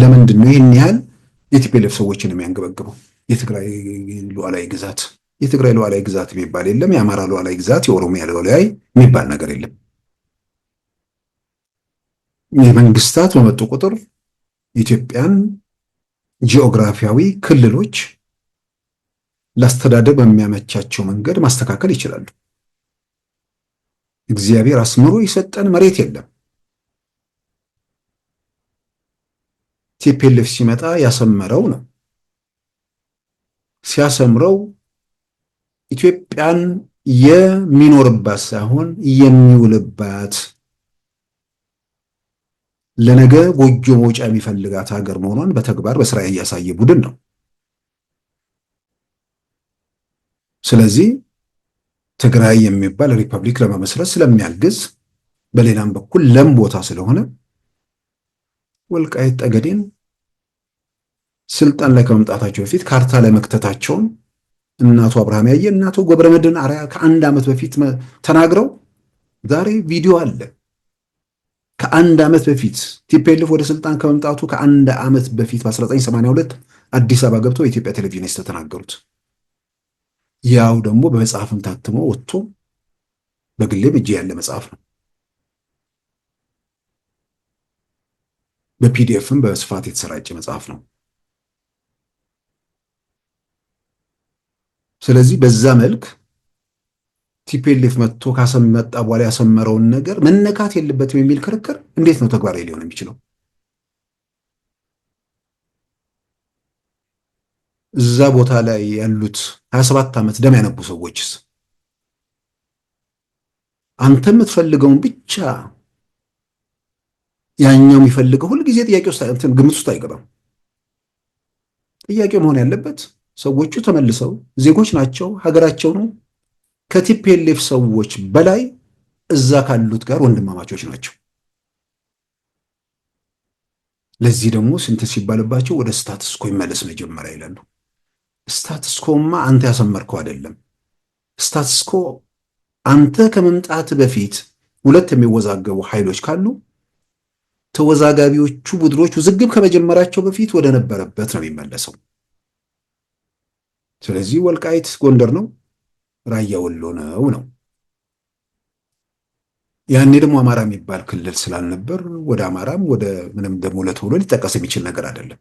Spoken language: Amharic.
ለምንድን ነው ይህን ያህል የቲፒኤልኤፍ ሰዎችን የሚያንገበግበው? የትግራይ ሉዓላዊ ግዛት የትግራይ ሉዓላዊ ግዛት የሚባል የለም። የአማራ ሉዓላዊ ግዛት፣ የኦሮሚያ ሉዓላዊ የሚባል ነገር የለም። የመንግስታት በመጡ ቁጥር ኢትዮጵያን ጂኦግራፊያዊ ክልሎች ለአስተዳደር በሚያመቻቸው መንገድ ማስተካከል ይችላሉ። እግዚአብሔር አስምሮ የሰጠን መሬት የለም። ቲፒልፍ ሲመጣ ያሰመረው ነው። ሲያሰምረው ኢትዮጵያን የሚኖርባት ሳይሆን የሚውልባት ለነገ ጎጆ መውጫ የሚፈልጋት ሀገር መሆኗን በተግባር በስራ እያሳየ ቡድን ነው። ስለዚህ ትግራይ የሚባል ሪፐብሊክ ለመመስረት ስለሚያግዝ፣ በሌላም በኩል ለም ቦታ ስለሆነ ወልቃይት ጠገዴን ስልጣን ላይ ከመምጣታቸው በፊት ካርታ ላይ መክተታቸውን እናቱ አብርሃም ያየ እናቱ ጎብረመድን አርያ ከአንድ ዓመት በፊት ተናግረው ዛሬ ቪዲዮ አለ። ከአንድ ዓመት በፊት ቲፒኤልኤፍ ወደ ስልጣን ከመምጣቱ ከአንድ ዓመት በፊት በ1982 አዲስ አበባ ገብተው የኢትዮጵያ ቴሌቪዥን የተናገሩት ያው ደግሞ በመጽሐፍም ታትሞ ወጥቶ በግሌም እጅ ያለ መጽሐፍ ነው። በፒዲኤፍም በስፋት የተሰራጨ መጽሐፍ ነው። ስለዚህ በዛ መልክ ቲፒኤልኤፍ መጥቶ ካሰመጣ በኋላ ያሰመረውን ነገር መነካት የለበትም የሚል ክርክር እንዴት ነው ተግባራዊ ሊሆን የሚችለው? እዛ ቦታ ላይ ያሉት 27 ዓመት ደም ያነቡ ሰዎችስ አንተ የምትፈልገውን ብቻ ያኛው የሚፈልገው ሁልጊዜ ጥያቄ ውስጥ ግምት ውስጥ አይገባም። ጥያቄው መሆን ያለበት ሰዎቹ ተመልሰው ዜጎች ናቸው፣ ሀገራቸው ነው። ከቲፒኤልኤፍ ሰዎች በላይ እዛ ካሉት ጋር ወንድማማቾች ናቸው። ለዚህ ደግሞ ስንት ሲባልባቸው ወደ ስታትስኮ ይመለስ መጀመሪያ ይላሉ። ስታትስኮማ አንተ ያሰመርከው አይደለም። ስታትስኮ አንተ ከመምጣት በፊት ሁለት የሚወዛገቡ ኃይሎች ካሉ ተወዛጋቢዎቹ ቡድኖች ውዝግብ ከመጀመራቸው በፊት ወደ ነበረበት ነው የሚመለሰው። ስለዚህ ወልቃይት ጎንደር ነው፣ ራያ ወሎ ነው ነው። ያኔ ደግሞ አማራ የሚባል ክልል ስላልነበር ወደ አማራም ወደ ምንም ደግሞ ለተብሎ ሊጠቀስ የሚችል ነገር አይደለም።